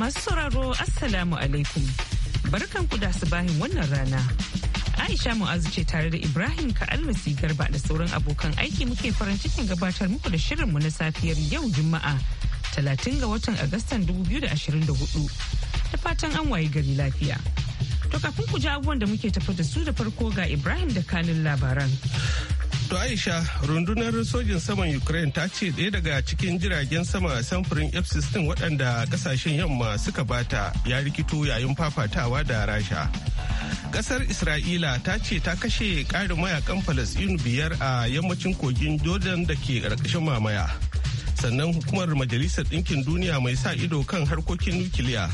Masu sauraro Assalamu alaikum. barkan Barkanku da bahin wannan rana. Aisha Mu'azu ce tare da Ibrahim ka almasi Garba da sauran abokan aiki muke farin cikin gabatar muku da shirinmu na safiyar yau Juma'a 30 ga watan Agustan 2024. Da fatan an waye gari lafiya. To kafin ku ji abubuwan da muke tafi da su da farko ga Ibrahim da kanin labaran. To Aisha, rundunar sojin saman Ukraine ta ce ɗaya daga cikin jiragen sama samfurin F-16 waɗanda ƙasashen yamma suka bata ya rikito yayin fafatawa da Rasha. Ƙasar Isra'ila ta ce ta kashe ƙarin mayakan Falasɗinu biyar a yammacin kogin Jordan da ke ƙarƙashin mamaya. sannan hukumar majalisar ɗinkin duniya mai sa ido kan harkokin nukiliya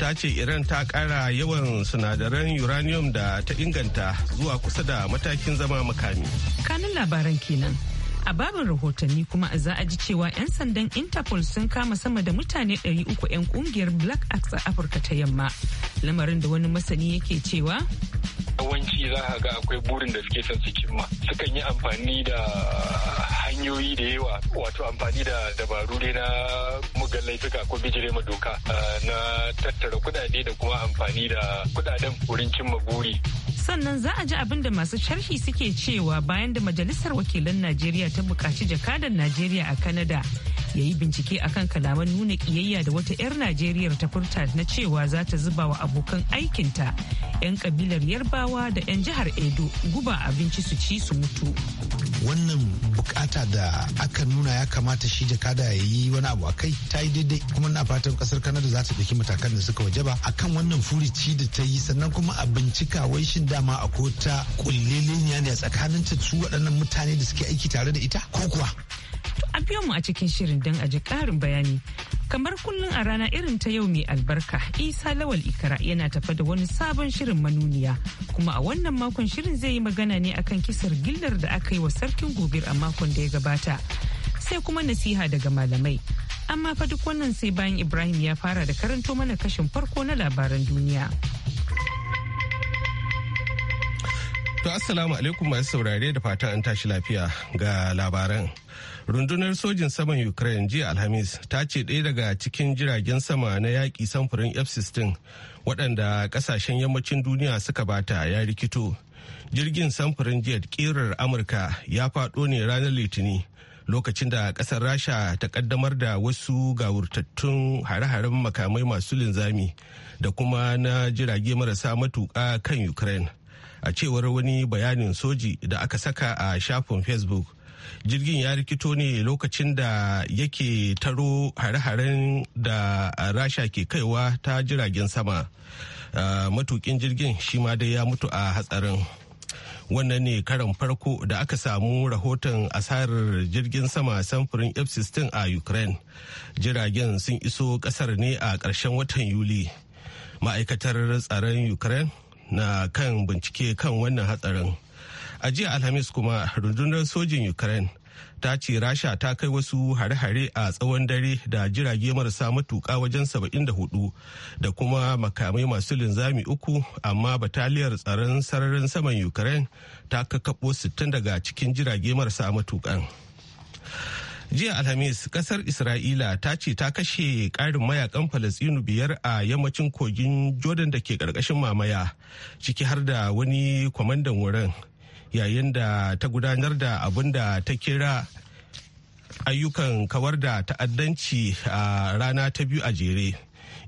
ta ce iran ta ƙara yawan sinadaran uranium da ta inganta zuwa kusa da matakin zama makami kanin labaran kenan a babin rahotanni kuma za a ji cewa 'yan sandan interpol sun kama sama da mutane 300 'yan kungiyar black axe a afirka ta yamma lamarin da wani masani yake cewa yawanci za ka ga akwai burin da suke son su cimma sukan yi amfani da hanyoyi da yawa wato amfani da dabaru dai na mugallai laifuka ko bijire ma doka eh, na tattara kudade da kuma amfani da kudaden wurin cimma buri sannan za a ji abin da masu sharhi suke cewa bayan da majalisar wakilan najeriya ta bukaci jakadar najeriya a kanada ya yi bincike akan kalaman nuna kiyayya da wata 'yar najeriyar ta furta na cewa za ta zuba wa abokan aikinta 'yan kabilar yarbawa da 'yan jihar edo guba abinci su ci su mutu wannan bukata da aka nuna ya kamata shi jakada ya yi wani abu a kai ta yi daidai kuma na fatan kasar kanada za ta ɗauki matakan da suka waje ba akan wannan furici da ta yi sannan kuma a bincika wai shin da dama a ta kulliliniya ne tsakanin ta su waɗannan mutane da suke aiki tare da ita ko kuwa to a biyo mu a cikin shirin don a ji ƙarin bayani kamar kullum a rana irin ta yau mai albarka isa lawal ikara yana tafa da wani sabon shirin manuniya kuma a wannan makon shirin zai yi magana ne akan kisar gillar da aka yi wa sarkin gobir a makon da ya gabata sai kuma nasiha daga malamai amma fa duk wannan sai bayan ibrahim ya fara da karanto mana kashin farko na labaran duniya. To assalamu alaikum masu saurare da fatan an tashi lafiya ga labaran. Rundunar sojin saman Ukraine jiya Alhamis ta ce ɗaya daga cikin jiragen sama na yaƙi samfurin F-16 waɗanda ƙasashen yammacin duniya suka bata ya rikito. Jirgin samfurin jet ƙirar Amurka ya faɗo ne ranar Litinin, lokacin da ƙasar Rasha ta ƙaddamar da wasu gawurtattun hare-haren makamai masu linzami da kuma na jirage marasa matuƙa kan Ukraine. a cewar wani bayanin soji da aka saka a shafin facebook jirgin ya rikito ne lokacin da yake taro hare-haren da rasha ke kaiwa ta jiragen sama matukin jirgin shi ma dai ya mutu a hatsarin wannan ne karan farko da aka samu rahoton asarar jirgin sama samfurin f-16 a ukraine jiragen sun iso kasar ne a ƙarshen watan yuli ma'aikatar tsaron ukraine na kan bincike kan wannan hatsarin a jiya alhamis kuma rundunar sojin ukraine ta ce rasha ta kai wasu hare-hare a tsawon dare da jirage marasa matuka wajen 74 da kuma makamai masu linzami uku amma bataliyar tsaron sararin saman ukraine ta kakabo 60 daga cikin jirage marasa matukan. jiya alhamis kasar isra'ila ta ce ta kashe ƙarin mayakan falasinu biyar a yammacin kogin jordan da ke ƙarƙashin mamaya ciki har da wani kwamandan wurin yayin da ta gudanar da abin da ta kira ayyukan kawar da ta'addanci a rana ta biyu a jere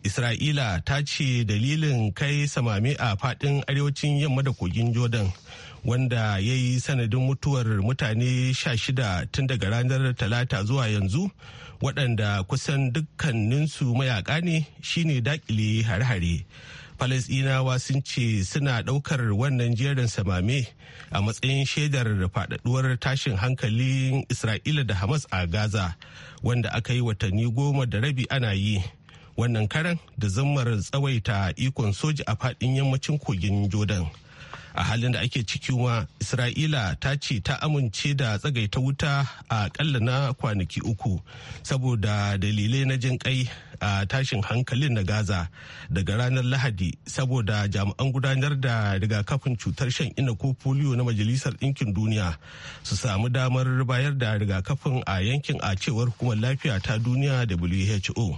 isra'ila ta ce dalilin kai samame a faɗin arewacin yamma da kogin jordan wanda ya yi sanadin mutuwar mutane sha shida tun daga ranar talata zuwa yanzu waɗanda kusan dukkaninsu mayaka ne shine dakile hare-hare falasɗinawa sun ce suna ɗaukar wannan jerin samame a matsayin shaidar faɗaɗuwar tashin hankalin isra'ila da hamas a gaza wanda aka yi watanni goma da rabi ana yi wannan karan da zammar tsawaita ikon soja a faɗin yammacin kogin jordan a halin da ake cikin wa isra'ila ta ce ta amince da tsagaita wuta a kalla na kwanaki uku saboda dalilai na jin kai a tashin hankalin na gaza daga ranar lahadi saboda jami'an gudanar da rigakafin cutar shan ina ko polio na majalisar ɗinkin duniya su samu damar bayar da rigakafin a yankin a cewar hukumar lafiya ta duniya who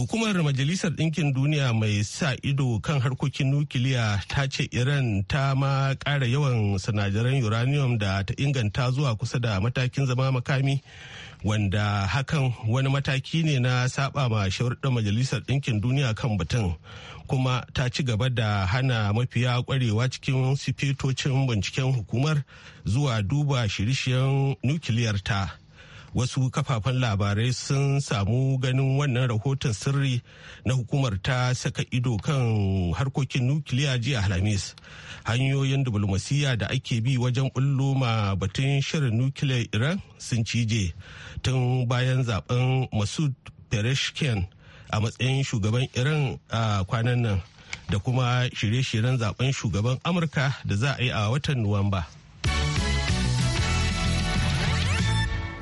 Hukumar Majalisar Ɗinkin Duniya mai sa ido kan harkokin nukiliya ta ce Iran ta ma ƙara yawan sinadaran uranium da ta inganta zuwa kusa da matakin zama makami wanda hakan wani mataki ne na saba ma da Majalisar Ɗinkin Duniya kan batun kuma ta ci gaba da hana mafiya kwarewa cikin sifitocin binciken hukumar zuwa duba shirishiyar nukiliyar ta. wasu kafafen labarai sun samu ganin wannan rahoton sirri na hukumar ta saka ido kan harkokin nukiliya jiya alhamis hanyoyin diplomasiyya da ake bi wajen bullo ma batun shirin nukiliyar iran sun cije tun bayan zaben masud pereshkian a matsayin shugaban iran a kwanan nan da kuma shirye-shiryen zaben shugaban amurka da za a yi a watan nuwamba.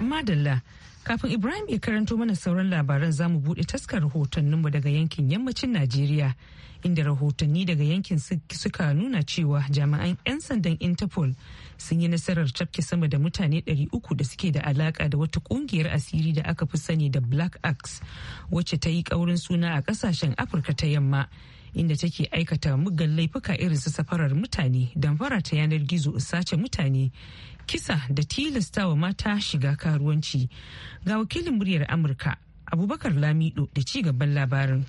Madalla, kafin Ibrahim ya karanto mana sauran labaran za mu buɗe taskar rahotanninmu daga yankin yammacin Najeriya, inda rahotanni daga yankin suka nuna cewa jami'an 'yan sandan Interpol sun yi nasarar cafke sama da mutane 300 da suke da alaka da wata kungiyar asiri da aka fi sani da Black Axe, wacce ta yi kaurin suna a kasashen Afirka ta yamma. inda take aikata mugan laifuka irin su safarar mutane damfara ta yanar gizo sace mutane kisa da tilasta wa mata shiga karuwanci ga wakilin muryar amurka abubakar lamido da ci gaban labarin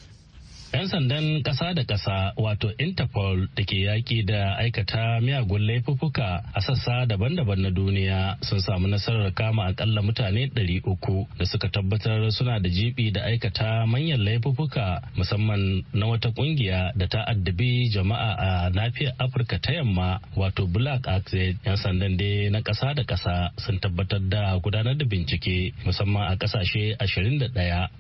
'Yan sandan ƙasa da ƙasa wato Interpol da ke yaƙi da aikata miyagun laifuffuka a sassa daban-daban na duniya sun samu nasarar kama akalla mutane 300 da suka tabbatar suna da jibi da aikata manyan laifuffuka musamman na wata ƙungiya da ta addabi jama'a a nafiyar Afirka ta yamma wato Black Axis. 'Yan sandan dai na ƙasa da ƙasa sun tabbatar da gudanar da bincike musamman a ƙasashe 21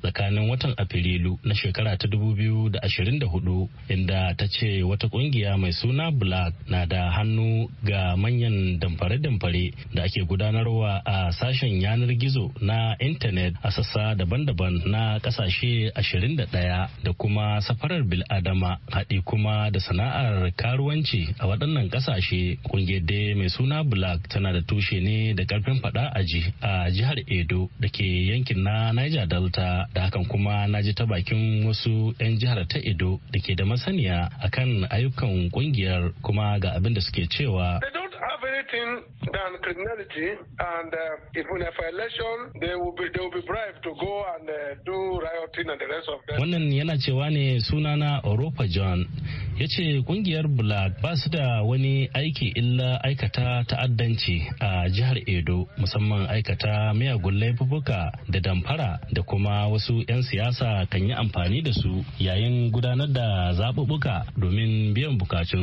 tsakanin watan Afrilu na shekara ta 2000 2024 inda ta ce wata kungiya mai suna black na da hannu ga manyan damfare-damfare da ake gudanarwa a sashen yanar gizo na intanet a sassa daban-daban na kasashe 21 da kuma safarar biladama haɗi kuma da sana'ar karuwanci a waɗannan kasashe kungiyar da mai suna black tana da tushe ne da karfin faɗa ji a jihar edo da ke yankin na niger delta da hakan kuma na ji ta bakin wasu 'yan jihar jihar ta Edo da ke da masaniya akan ayyukan kungiyar kuma ga abin da suke cewa. cheating than criminality, and uh, even if election, they will be they will be bribed to go and uh, do rioting and the rest of them. Wannan yana cewa ne sunana Europa John yace kungiyar Black ba su da wani aiki illa aikata ta'addanci a jihar Edo musamman aikata miyagun laifuka da damfara da kuma wasu 'yan siyasa kan yi amfani da su yayin gudanar da zaɓuɓɓuka domin biyan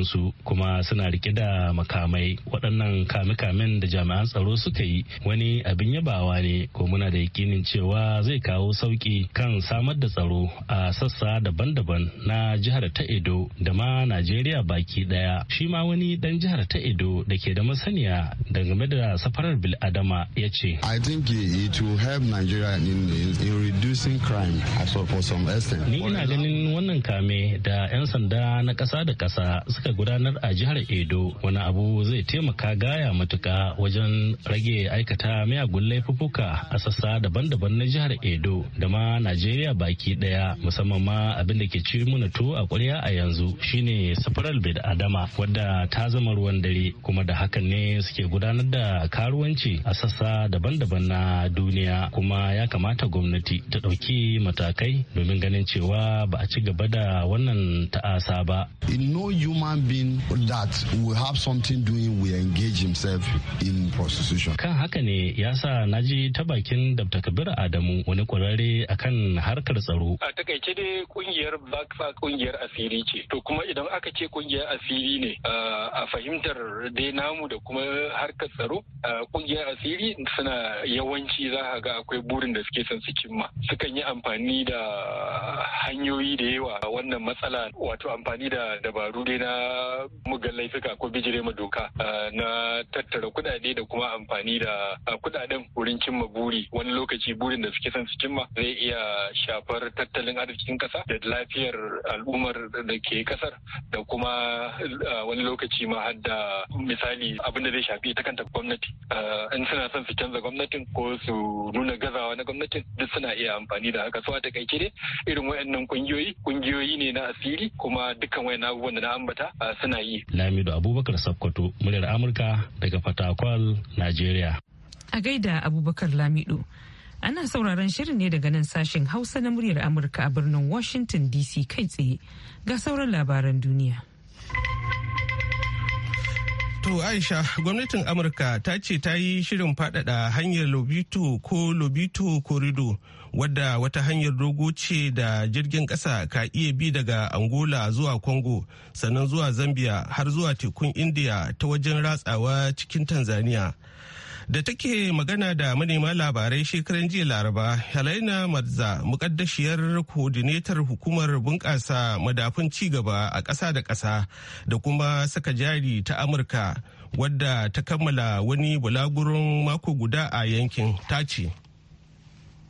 su kuma suna rike da makamai waɗannan waɗannan kame-kamen da jami'an tsaro suka yi wani abin yabawa ne ko muna da yakinin cewa zai kawo sauki kan samar da tsaro a sassa daban-daban na jihar ta edo da ma najeriya baki ɗaya shi ma wani dan jihar ta edo da ke da masaniya game da safarar bil adama ya ce i think it will help nigeria in, in reducing crime as well for some extent ni ina ganin wannan kame da 'yan sanda na ƙasa da ƙasa suka gudanar a jihar edo wani abu zai taimaka gaya matuka wajen rage aikata miyagun laifuka a sassa daban-daban na jihar Edo da ma Najeriya baki daya musamman ma abin da ke ci muna to a ƙwarya a yanzu shine safarar bid adama wadda ta zama ruwan dare kuma da hakan ne suke gudanar da karuwanci a sassa daban-daban na duniya kuma ya kamata gwamnati ta ɗauki matakai domin ganin cewa ba a ci gaba da wannan ta'asa ba. In no human being that we have something doing we engage engage himself in prostitution. Kan haka ne ya sa na ji ta bakin Dr. Kabir Adamu wani kwararre akan harkar tsaro. A takaice dai kungiyar Bakfa kungiyar asiri ce. To kuma idan aka ce kungiyar asiri ne a fahimtar dai namu da kuma harkar tsaro kungiyar asiri suna yawanci za a ga akwai burin da suke son su cimma. Sukan yi amfani da hanyoyi da yawa a wannan matsala wato amfani da dabaru dai na mugallai suka ko bijire ma doka na tattara kudade da kuma amfani da kudaden wurin cimma buri wani lokaci burin da suke son su cimma zai iya shafar tattalin arzikin kasa da lafiyar al'ummar da ke kasar da kuma wani lokaci ma har da misali abin da zai shafi ta kanta gwamnati in suna son su canza gwamnatin ko su nuna gazawa na gwamnatin duk suna iya amfani da haka suwa a takaice dai irin wayannan kungiyoyi kungiyoyi ne na asiri kuma dukkan wayannan abubuwan da na ambata suna yi lamido abubakar sakkwato muryar amurka Amurka daga Fatakwal, Najeriya. A gaida Abubakar Lamido. Ana sauraron shirin ne daga nan sashen Hausa na muryar Amurka a birnin Washington DC kai tsaye ga sauran labaran duniya. To Aisha, gwamnatin Amurka ta ce ta yi shirin faɗaɗa hanyar Lobito ko Lobito Corridor wadda wata hanyar dogo ce da jirgin ƙasa ka iya bi daga angola zuwa congo sannan zuwa zambia har zuwa tekun india ta wajen ratsawa cikin tanzania da take magana da manema labarai shekaran jiya laraba helena marza mukaddashiyar kodinetar hukumar bunƙasa madafun cigaba a ƙasa da ƙasa da kuma saka jari ta amurka wadda ta kammala wani bulagurin mako guda a yankin ta ce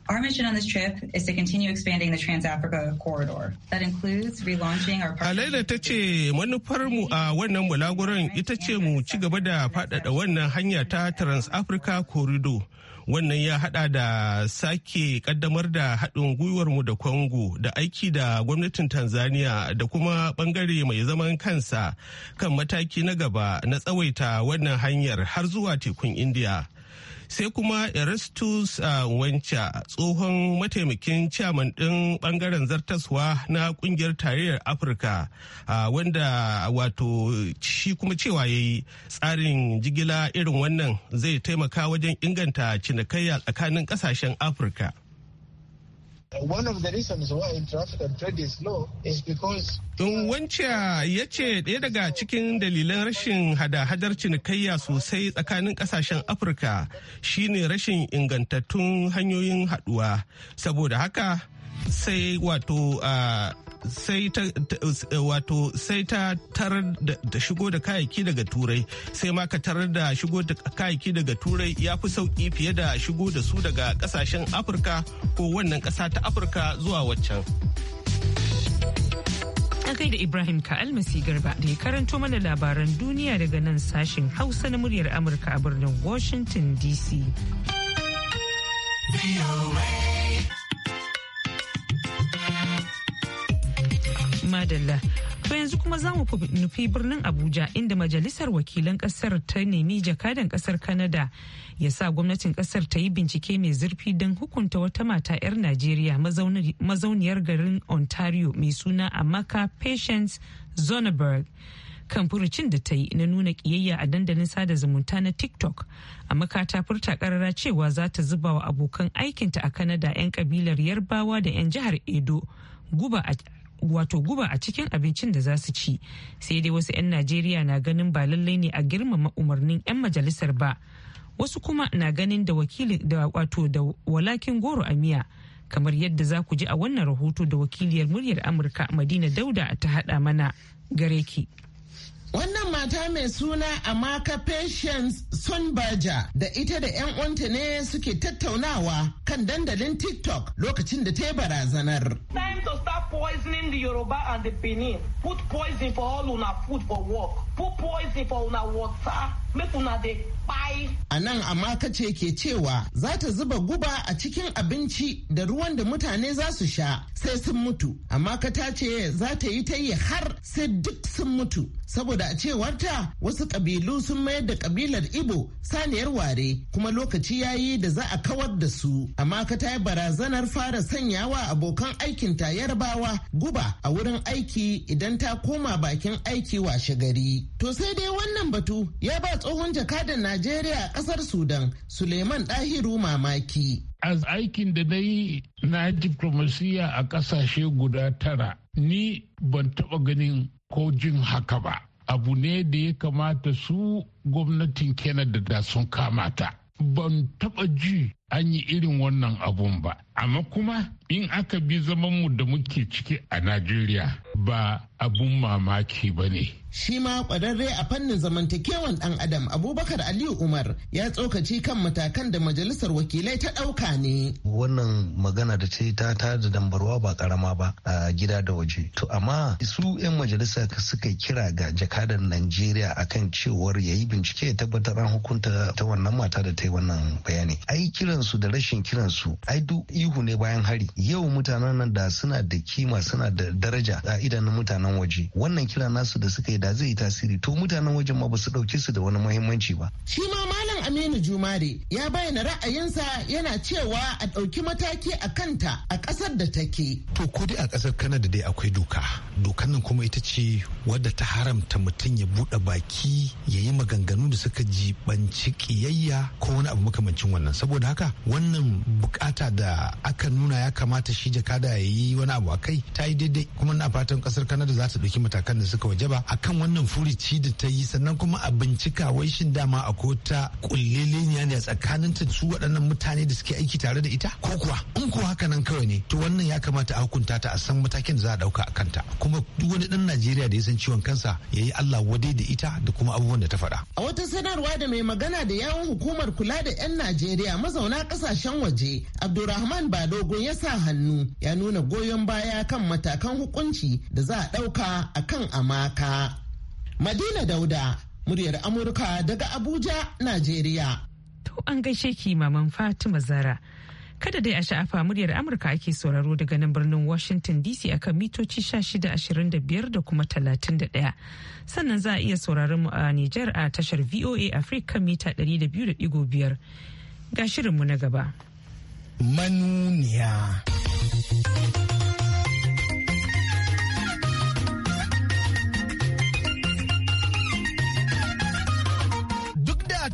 Our mission on this trip is to continue expanding the Trans-Africa corridor. That includes relaunching our ta ce manufarmu a wannan bulaguron ita ce mu ci gaba da faɗaɗa wannan hanya ta Trans-Africa corridor. Wannan ya haɗa da sake ƙaddamar da haɗin gwiwarmu da Congo da aiki da gwamnatin Tanzania da kuma ɓangare mai zaman kansa kan mataki na gaba na tsawaita wannan hanyar har zuwa tekun India. sai kuma erastus uh, wanca tsohon mataimakin chairman ɗin ɓangaren zartaswa na ƙungiyar tarayyar afirka uh, wanda wato shi kuma cewa ya yi tsarin jigila irin wannan zai taimaka wajen inganta cinikayya tsakanin ƙasashen afirka One of the reasons why in traffic is is because ya ce ɗaya daga cikin dalilan rashin hada-hadar cinikayya sosai tsakanin ƙasashen Afirka shine rashin ingantattun hanyoyin haɗuwa. Saboda haka sai wato ah, sai ta eh, wato sai ta tarar da shigo da kayayyaki daga turai sai ma ka tarar da shigo da kayayyaki daga turai ya fi sauki fiye da shigo da su daga kasashen afirka ko wannan kasa ta afirka zuwa waccan an kai da ibrahim ka almasi garba da ya karanto mana labaran duniya daga nan sashen hausa na muryar amurka a birnin washington dc Madalla. To yanzu kuma za mu nufi birnin Abuja inda majalisar wakilan kasar ta nemi jakadan kasar Canada ya sa gwamnatin kasar ta yi bincike mai zurfi don hukunta wata mata 'yar Najeriya mazauniyar garin Ontario mai suna Amaka Patience Zonneberg. kan furucin da ta yi na nuna kiyayya a dandalin sada zumunta na tiktok a makata furta karara cewa za ta zuba wa abokan aikinta a kanada 'yan kabilar yarbawa da 'yan jihar edo guba wato guba a cikin abincin da za su ci sai dai wasu 'yan najeriya na ganin ba lallai ne a girmama umarnin 'yan majalisar ba wasu kuma na ganin da wakili da wato da walakin goro a miya kamar yadda za ku ji a wannan rahoto da wakiliyar muryar amurka madina dauda ta hada mana gare ki Wannan mata mai suna Amaka Patience Sunbaja da ita da 'yan uwanta ne suke tattaunawa kan dandalin TikTok lokacin da ta yi barazanar. Time to start poisoning the Yoruba and Benin. Put poison for all una food for work. Put poison for una water. Make una dey A nan Amaka ce ke cewa za ta zuba guba a cikin abinci da ruwan da mutane za su sha sai sun mutu. Amaka ta ce za ta yi ta yi har sai duk sun mutu. Saboda a cewarta wasu ƙabilu sun mayar da ƙabilar Ibo saniyar ware kuma lokaci yayi da za a kawar da su. Amma ka ta yi barazanar fara sanyawa abokan aikin ta yarbawa guba a wurin aiki idan ta koma bakin aiki washe gari. To sai dai wannan batu ya ba tsohon jakadan Najeriya a ƙasar Sudan Suleiman Dahiru mamaki. As aikin da na yi na diplomasiya a ƙasashe guda tara, ni ban taɓa ganin ko jin haka ba. abu ne da ya kamata su gwamnatin canada da sun kamata ban taba ji an yi irin wannan abun ba amma kuma in aka bi zamanmu da muke ciki a najeriya ba abun mamaki ba ne shi ma kwararre a fannin zamantakewan ɗan adam abubakar aliyu umar ya tsokaci kan matakan da majalisar wakilai ta ɗauka ne wannan magana da ce ta ta da dambarwa ba karama ba a gida da waje to amma su 'yan majalisa suka kira ga jakadan najeriya akan cewar yayi bincike ya tabbatar an hukunta ta wannan mata da ta yi wannan bayani ai kiran kiransu da rashin kiransu ai duk ihu ne bayan hari yau mutanen nan da suna da kima suna da daraja a idanun mutanen waje wannan kira nasu da suka yi da zai yi tasiri to mutanen wajen ma ba su ɗauke su da wani muhimmanci ba. shi ma malam aminu jumare ya bayyana ra'ayinsa yana cewa a dauki mataki a kanta a kasar da take. to ko dai a ƙasar kanada dai akwai doka dokan nan kuma ita ce wadda ta haramta mutum ya bude baki ya yi maganganu da suka jibanci kiyayya ko wani abu makamancin wannan saboda haka wannan bukata da aka nuna ya kamata shi jakada ya yi wani abu a kai ta yi daidai kuma na fatan kasar kanada za ta ɗauki matakan da suka wajaba akan wannan furici da ta yi sannan kuma a bincika wai shin dama a ko ta kulleleniya ne a tsakanin ta su waɗannan mutane da suke aiki tare da ita ko kuwa in ko haka nan kawai ne to wannan ya kamata a hukunta ta a san matakin da za a ɗauka a kanta kuma duk wani ɗan najeriya da ya san ciwon kansa ya yi allah wadai da ita da kuma abubuwan da ta faɗa. a wata sanarwa da mai magana da yawun hukumar kula da 'yan najeriya mazauna na kasashen waje abdulrahman badogo ya sa hannu ya nuna goyon baya kan matakan hukunci da za a ɗauka a kan amaka madina dauda muryar amurka daga abuja najeriya to an gaishe ki maman fatima zara kada dai a sha'afa muryar amurka ake sauraro daga nan birnin washington dc akan mitoci 1625 da kuma 31 sannan za a iya sauraron mu a niger a tashar voa africa mita 200.5 Ga shirinmu na gaba. Manuniya.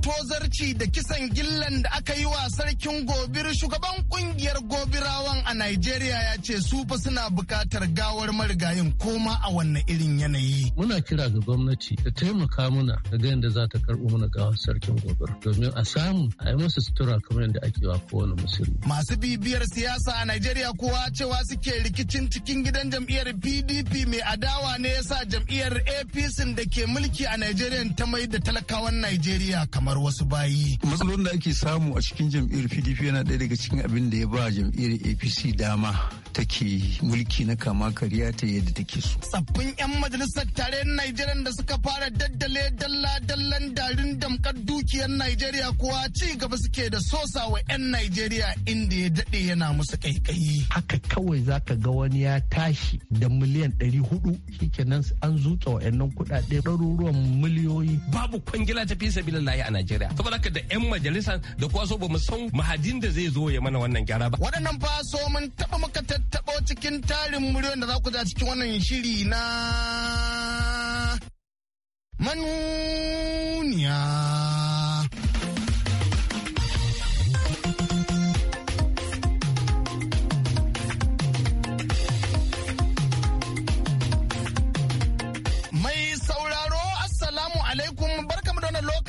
tozarci da kisan gillan da aka yi wa sarkin gobir shugaban kungiyar gobirawan a Najeriya ya ce su fa suna bukatar gawar marigayin koma a wannan irin yanayi. Muna kira ga gwamnati ta taimaka muna ga ga yadda za ta karɓo mana gawar sarkin gobir domin a samu a yi masa sutura kamar yadda ake wa kowane musulmi. Masu bibiyar siyasa a Najeriya kowa cewa suke rikicin cikin gidan jam'iyyar PDP mai adawa ne yasa jam'iyyar APC da ke mulki a Najeriya ta mai da talakawan Najeriya kamar kamar wasu bayi. Matsalolin da ake samu a cikin jam'iyyar PDP yana ɗaya daga cikin abin da ya ba jam'iyyar APC dama take mulki na kama kariya ta yadda take so. Tsaffin 'yan majalisar tarayyar Najeriya da suka fara daddale dalla-dallan darin damkar dukiyar Najeriya kuwa ci gaba suke da sosa wa 'yan Najeriya inda ya daɗe yana musu ƙaiƙayi. Haka kawai za ka ga wani ya tashi da miliyan ɗari hudu shikenan an zuta wa 'yan nan kuɗaɗe ɗaruruwan miliyoyi. Babu kwangila ta fi sabilillahi a Najeriya saboda haka da yan majalisa da kuwa so bamu san mahadin da zai zo ya mana wannan gyara ba waɗannan fa so mun taba muka tattabo cikin tarin muryoyin da za ku za cikin wannan shiri na manuniya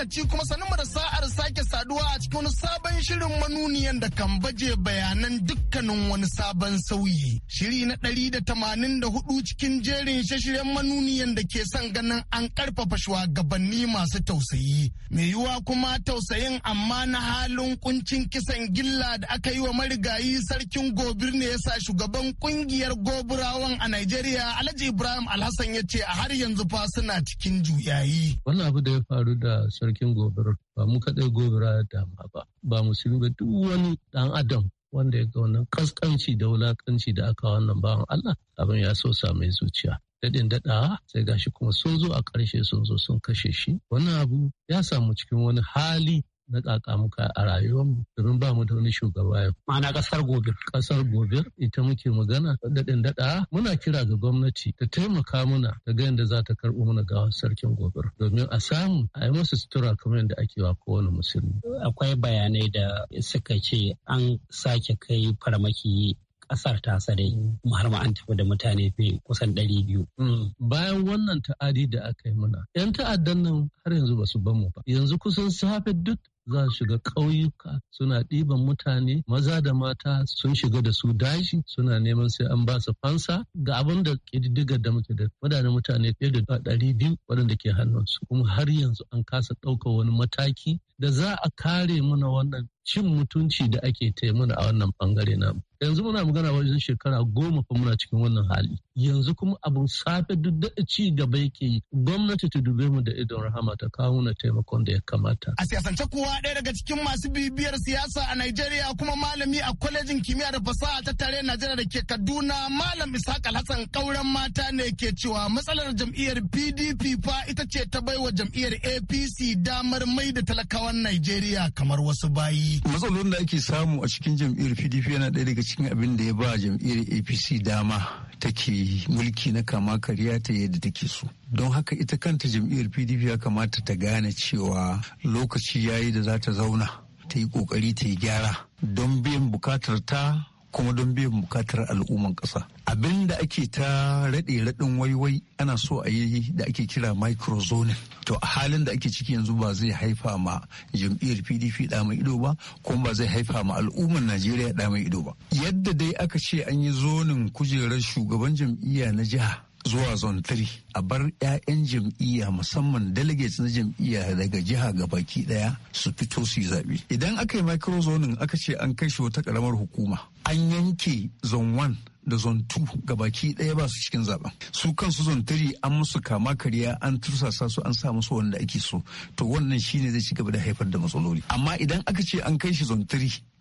lokaci kuma sanin mu da sa'ar sake saduwa a cikin wani sabon shirin manuniyan da kan baje bayanan dukkanin wani sabon sauyi. Shiri na ɗari da tamanin da hudu cikin jerin shashiren manuniyan da ke son ganin an karfafa shugabanni masu tausayi. Mai yiwuwa kuma tausayin amma na halin kuncin kisan gilla da aka yi wa marigayi sarkin gobir ne ya sa shugaban kungiyar goburawan a Najeriya Alhaji Ibrahim Alhassan ya ce a har yanzu fa suna cikin juyayi. Wannan abu da ya faru da sarki sarkin gobir ba mu kaɗai gobira dama ba ba musulmi ba duk wani ɗan adam wanda ya ga wannan kaskanci da wulakanci da aka wannan bawan Allah abin ya so mai zuciya daɗin daɗawa sai gashi kuma sun zo a ƙarshe sun zo sun kashe shi wannan abu ya samu cikin wani hali na muka a rayuwar rayuwarmu domin ba mu da wani shugaba yau. Ma'ana kasar gobir. Kasar gobir ita muke magana daɗin daɗa muna kira ga gwamnati ta taimaka muna ta ga yadda za ta karɓo mana gawar sarkin gobe. domin a samu a yi masa sutura kamar yadda ake wa kowane musulmi. Akwai bayanai da suka ce an sake kai farmaki kasar ta sadai har an tafi da mutane fi kusan ɗari biyu. Hmm. Bayan wannan ta'adi da aka yi muna, 'yan ta'addan nan har yanzu ba su ban mu ba. Yanzu kusan safe duk za su shiga ƙauyuka suna ɗiban mutane maza da mata sun shiga da su daji suna neman sai an ba su fansa ga abin da ƙididdigar da muke da wadannan mutane fiye da ɗari biyu waɗanda ke hannunsu kuma har yanzu an kasa ɗaukar wani mataki da za a kare mana wannan cin mutunci da ake taimuna a wannan bangare na yanzu muna magana wajen shekara goma fa muna cikin wannan hali yanzu kuma abun safe duk da ci gaba yake yi gwamnati ta dube mu da idon rahama ta kawo na taimakon da ya kamata a siyasance kuwa, ɗaya daga cikin masu bibiyar siyasa a Najeriya kuma malami a kwalejin kimiyya da fasaha ta tare Najeriya da ke Kaduna malam Isaac Alhassan kauren mata ne ke cewa matsalar jam'iyyar PDP fa ita ce ta baiwa jam'iyyar APC damar mai da talakawan Najeriya kamar wasu bayi matsalolin da ake samu a cikin jam'iyyar pdp yana ɗaya daga cikin abin da ya ba jam'iyyar apc dama take mulki na kama kariya ta yadda take so don haka ita kanta jam'iyyar pdp ya kamata ta gane cewa lokaci yayi da za ta zauna ta yi kokari ta yi gyara don biyan bukatar ta kuma don biyan bukatar al'umman ƙasa. Abin da ake ta raɗe raɗin waiwai ana so a yi da ake kira microzoning. To a halin da ake ciki yanzu ba zai haifa ma jam'iyyar PDP ɗa mai ido ba kuma ba zai haifa ma al'umman Najeriya ɗa mai ido ba. Yadda dai aka ce an yi zonin kujerar shugaban jam'iyya na jiha zuwa zone 3 a bar 'ya'yan jam'iyya musamman delegates na jam'iyya daga jiha ga baki daya su fito su yi zaɓe idan aka yi micro aka ce an kai shi wata karamar hukuma an yanke zone 1 da zone 2 ga baki daya ba su cikin zaben su kansu zone 3 an musu kama karya an tursasa su an sa musu wanda ake so to wannan shine zai ci gaba da haifar da matsaloli amma idan aka ce an kai shi zone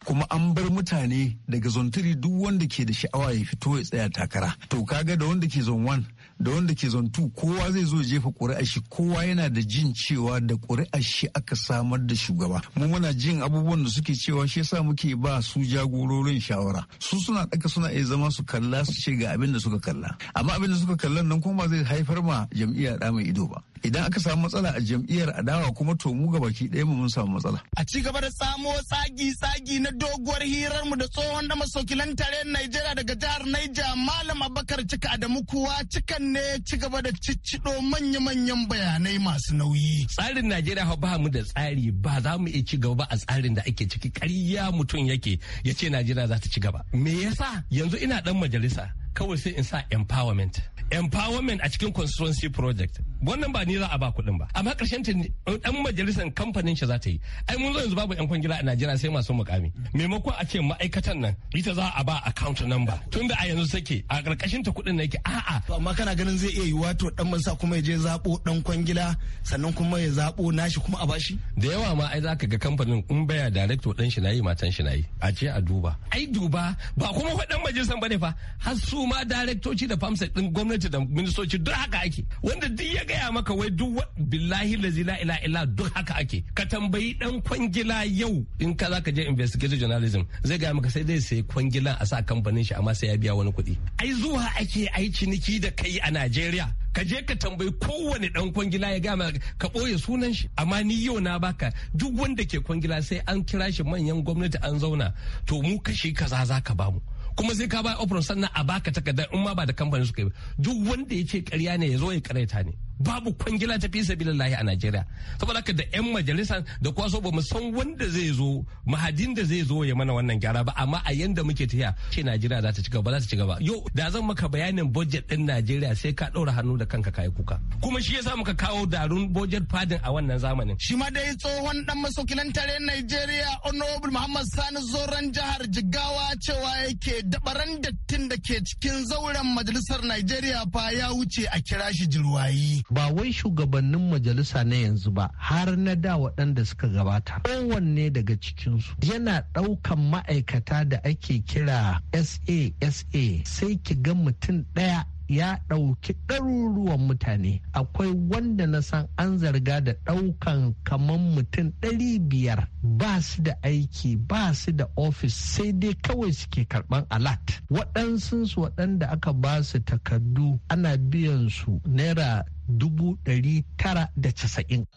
kuma an bar mutane daga zonturi duk wanda ke da sha'awa ya fito ya tsaya takara to kaga da wanda ke zon wan da wanda ke zon tu kowa zai zo jefa ƙuri'a shi kowa yana da jin cewa da ƙuri'a shi aka samar da shugaba mu muna jin abubuwan da suke cewa shi yasa muke ba su jagororin shawara su suna daka suna iya zama su kalla su ce ga abin da suka kalla amma abin da suka kallan nan kuma zai haifar ma jam'iyya da mai ido ba idan aka samu matsala a jam'iyyar adawa kuma to mu gabaki ɗaya mu mun samu matsala a ci gaba da samo tsagi tsagi na doguwar hirar mu da tsohon da masaukilan tarayyar Najeriya daga jihar Niger Malam Abakar Cika da mukuwa cikan ne ci gaba da ciccido manya-manyan bayanai masu nauyi. Tsarin Najeriya ba mu da tsari ba za mu iya ci gaba a tsarin da ake ciki ƙarya mutum yake ya ce Najeriya za ta ci gaba. Me yasa yanzu ina dan majalisa kawai sai in sa empowerment empowerment a cikin constituency project wannan ba ni za a ba kuɗin ba amma ƙarshen ta ɗan majalisar kamfanin shi za ta yi ai mun zo yanzu babu yan kwangila a Najeriya sai masu mukami maimakon a ce ma'aikatan nan ita za a ba account number tunda a yanzu sake a ƙarƙashin ta kuɗin na yake a'a to amma kana ganin zai iya yiwuwa to ɗan mansa kuma ya je zabo ɗan kwangila sannan kuma ya zabo nashi kuma a bashi da yawa ma ai zaka ga kamfanin in baya director ɗan shi nayi matan shi nayi a ce a duba ai duba ba kuma fa ɗan majalisar bane fa har su ma darektoci da famsa din gwamnati da ministoci duk haka ake wanda duk ya gaya maka wai duk billahi la zila ila ila duk haka ake ka tambayi dan kwangila yau in ka zaka je investigative journalism zai gaya maka sai zai sai kwangila a sa kamfanin shi amma sai ya biya wani kuɗi ai zuwa ake ai ciniki da kai a Najeriya ka je ka tambayi kowane dan kwangila ya gaya maka. ka ɓoye sunan shi amma ni yau na baka duk wanda ke kwangila sai an kira shi manyan gwamnati an zauna to mu kashi kaza zaka ka bamu kuma sai ka ba operon sannan a baka takardar in ma ba da kamfanin suka yi duk wanda ya ce karya ne ya zo ya karaita ne babu kwangila ta fi sabilillahi a Najeriya saboda haka da yan majalisa da kwaso ba mu san wanda zai zo mahadin da zai zo ya mana wannan gyara ba amma a yanda muke tafiya ce Najeriya za ta ci gaba za ta ci gaba yau da zan maka bayanin budget din Najeriya sai ka ɗaura hannu da kanka kai kuka kuma shi yasa muka kawo darun budget fadin a wannan zamanin shi ma dai tsohon dan masokilan tare Najeriya Honorable Muhammad Sani Zoran jihar Jigawa cewa yake dabaran dattin da ke cikin zauren majalisar Najeriya fa ya wuce a kira shi jirwayi ba wai shugabannin majalisa na yanzu ba har na da waɗanda suka gabata kowanne daga cikinsu yana ɗaukan ma'aikata da ake kira sasa sai ki ga mutum ɗaya ya ɗauki ɗaruruwan mutane akwai wanda na san an zarga da ɗaukan kaman mutum ɗari biyar ba su da aiki ba su da ofis sai dai kawai suke karɓan alat waɗansu waɗanda aka ba su takardu ana biyan su naira 990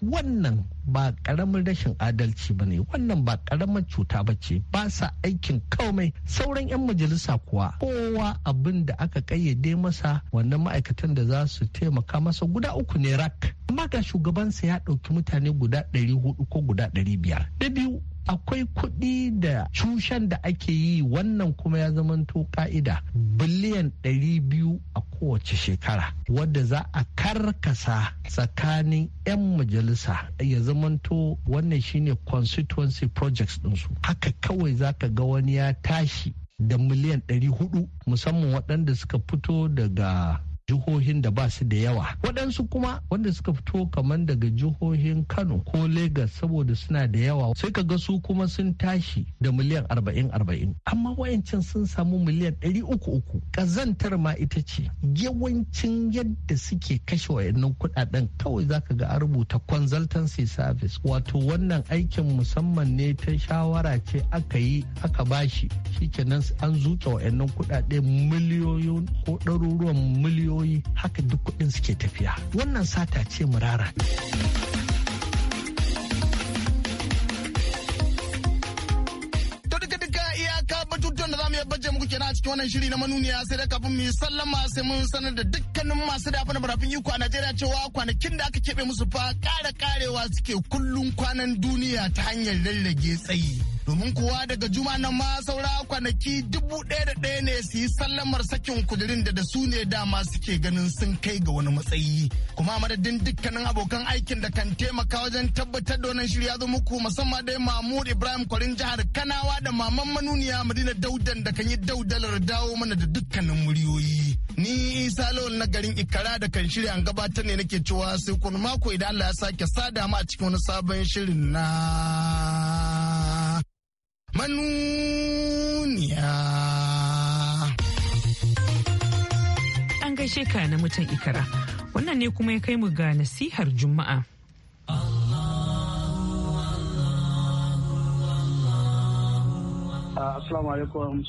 wannan ba karamin rashin adalci ba ne wannan ba karamin cuta ba ce ba sa aikin komai sauran 'yan majalisa kuwa kowa abin da aka kayyade masa wannan ma'aikatan da za su taimaka masa guda uku ne rak amma ga shugabansa ya ɗauki mutane guda 400 ko guda 500 da biyu akwai kuɗi da cushen da ake yi wannan kuma ya zamanto ka'ida biliyan ɗari biyu a kowace shekara wadda za a karkasa tsakanin 'yan majalisa ya zamanto wannan shine constituency projects ɗinsu haka kawai za ka ga wani ya tashi da miliyan 400 musamman waɗanda suka fito daga jihohin da ba su da yawa waɗansu kuma wanda suka fito kamar daga jihohin kano ko Legas saboda suna da yawa sai ka ga su kuma sun tashi da miliyan arba'in arba'in amma wayancin sun samu miliyan ɗari uku uku ƙazantar ma ita ce yawancin yadda suke kashe wayannan kuɗaɗen kawai za ka ga a rubuta consultancy service wato wannan aikin musamman ne ta shawara ce aka yi aka bashi shi kenan an zuke wayannan kuɗaɗe miliyoyin ko ɗaruruwan miliyoyin miliyoyi haka duk kuɗin suke tafiya wannan sata ce murara. kenan a cikin wannan shiri na manuniya sai dai kafin mu yi sallama sai mun sanar da dukkanin masu dafa da barafin iko a Najeriya cewa kwanakin da aka keɓe musu fa ƙara ƙarewa suke kullum kwanan duniya ta hanyar lallage tsayi. domin kuwa daga juma na ma saura kwanaki dubu ɗaya da ɗaya ne su yi sallamar sakin kudirin da da su ne dama suke ganin sun kai ga wani matsayi kuma madadin dukkanin abokan aikin da kan taimaka wajen tabbatar da wannan shirya zo muku musamman dai mahmud ibrahim kwarin jihar kanawa da maman manuniya madina daudan da kan yi daudalar dawo mana da dukkanin muryoyi ni isa lawal na garin ikara da kan shirya an gabatar ne nake cewa sai kun mako idan allah ya sake sada mu a cikin wani sabon shirin na manuniya. An gaishe ka na mutan ikara, wannan ne kuma ya kai mu ga nasihar Juma'a. Ah, assalamu alaikum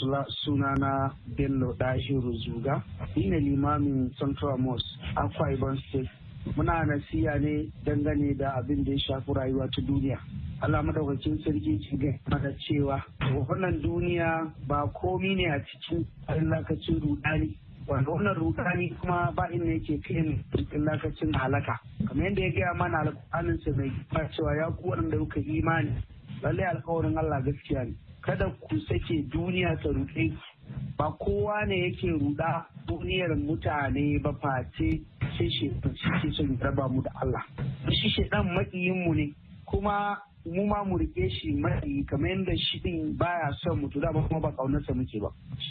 suna na Bello Dahiru Zuga. Ni limamin Central Mosque, Akwa Ibom State. Muna nasiya ne dangane da abin da ya shafi rayuwa ta duniya. Allah madaukakin sarki ke ga Mata cewa wannan duniya ba komi ne a cikin lakacin rudani wanda wannan rudani kuma ba inda yake kai cikin lakacin halaka kamar yadda ya gaya mana alƙalin sa mai ba cewa ya ku waɗanda kuka imani lalle alƙawarin Allah gaskiya ne kada ku sake duniya ta ruɗe ba kowa ne yake ruɗa duniyar mutane ba face sai shi son raba mu da Allah shi ɗan makiyin mu ne kuma mu ma mu rike shi mai kamar yadda shi din baya son mutu da kuma ba kaunarsa muke ba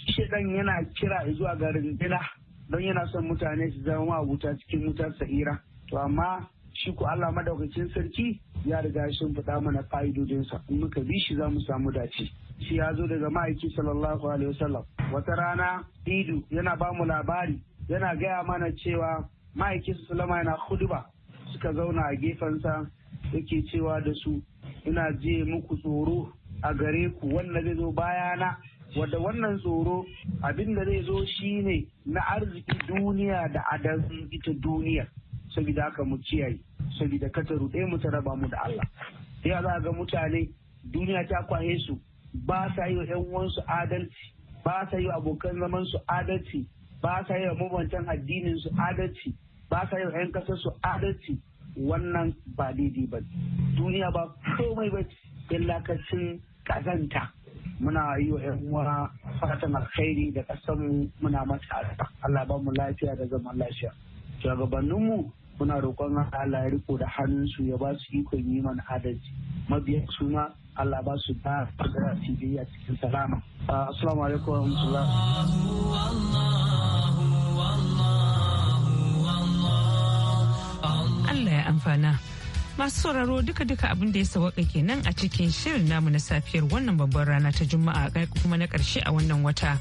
shi dan yana kira zuwa ga rindina don yana son mutane su zama wuta cikin wutar sa'ira to amma shi ko Allah madaukakin sarki ya riga shi fada mana fa'idodinsa in muka bi shi za mu samu dace shi ya zo daga ma'aiki sallallahu alaihi wasallam wata rana idu yana ba mu labari yana gaya mana cewa ma'aiki sallama yana huduba suka zauna a gefensa yake cewa da su ina je muku tsoro a gare ku wanda zai zo bayana wadda wannan tsoro abin da zai zo shi ne na arziki duniya da adalci ita duniya saboda haka mu ciyayi saboda kata ruɗe mu ta raba mu da Allah sai za ga mutane duniya ta kwaye su ba sa yi wa ƴan uwansu adalci ba sa yi wa abokan zaman su adalci ba sa yi wa mabantan addinin su adalci ba sa yi wa ƴan kasar su adalci wannan ba daidai ba duniya ba komai ba illakacin kazanta muna yi wa yan uwa fatan alkhairi da kasan muna mata Allah ba mu lafiya da zaman lafiya mu muna roƙon Allah ya riko da hannunsu ya ba su ikon yi mana adalci mabiya su ma Allah ba su ba da cikin salama assalamu alaikum Allah ya amfana. Masu sauraro duka-duka abin da ya sawaka kenan a cikin shirin namu na safiyar wannan babban rana ta Juma'a kuma na ƙarshe a wannan wata.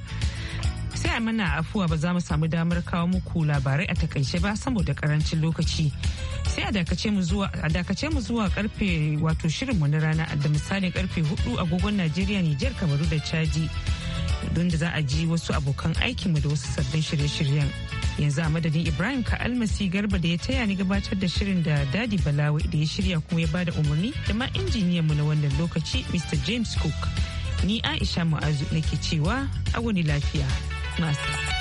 sai a mana afuwa ba za mu samu damar kawo muku labarai a takaice ba saboda karancin lokaci sai a dakace mu zuwa a karfe wato shirin mu na rana da misalin karfe 4 agogon Najeriya Nijar Kamaru da Chadi don da za a ji wasu abokan aikinmu da wasu sabbin shirye-shiryen yanzu a madadin ibrahim ka almasi garba da ya taya ni gabatar da shirin da dadi balawai da ya shirya kuma ya bada umarni da ma injiniyanmu na wannan lokaci mr james cook ni aisha mu'azu nake cewa a wani lafiya masu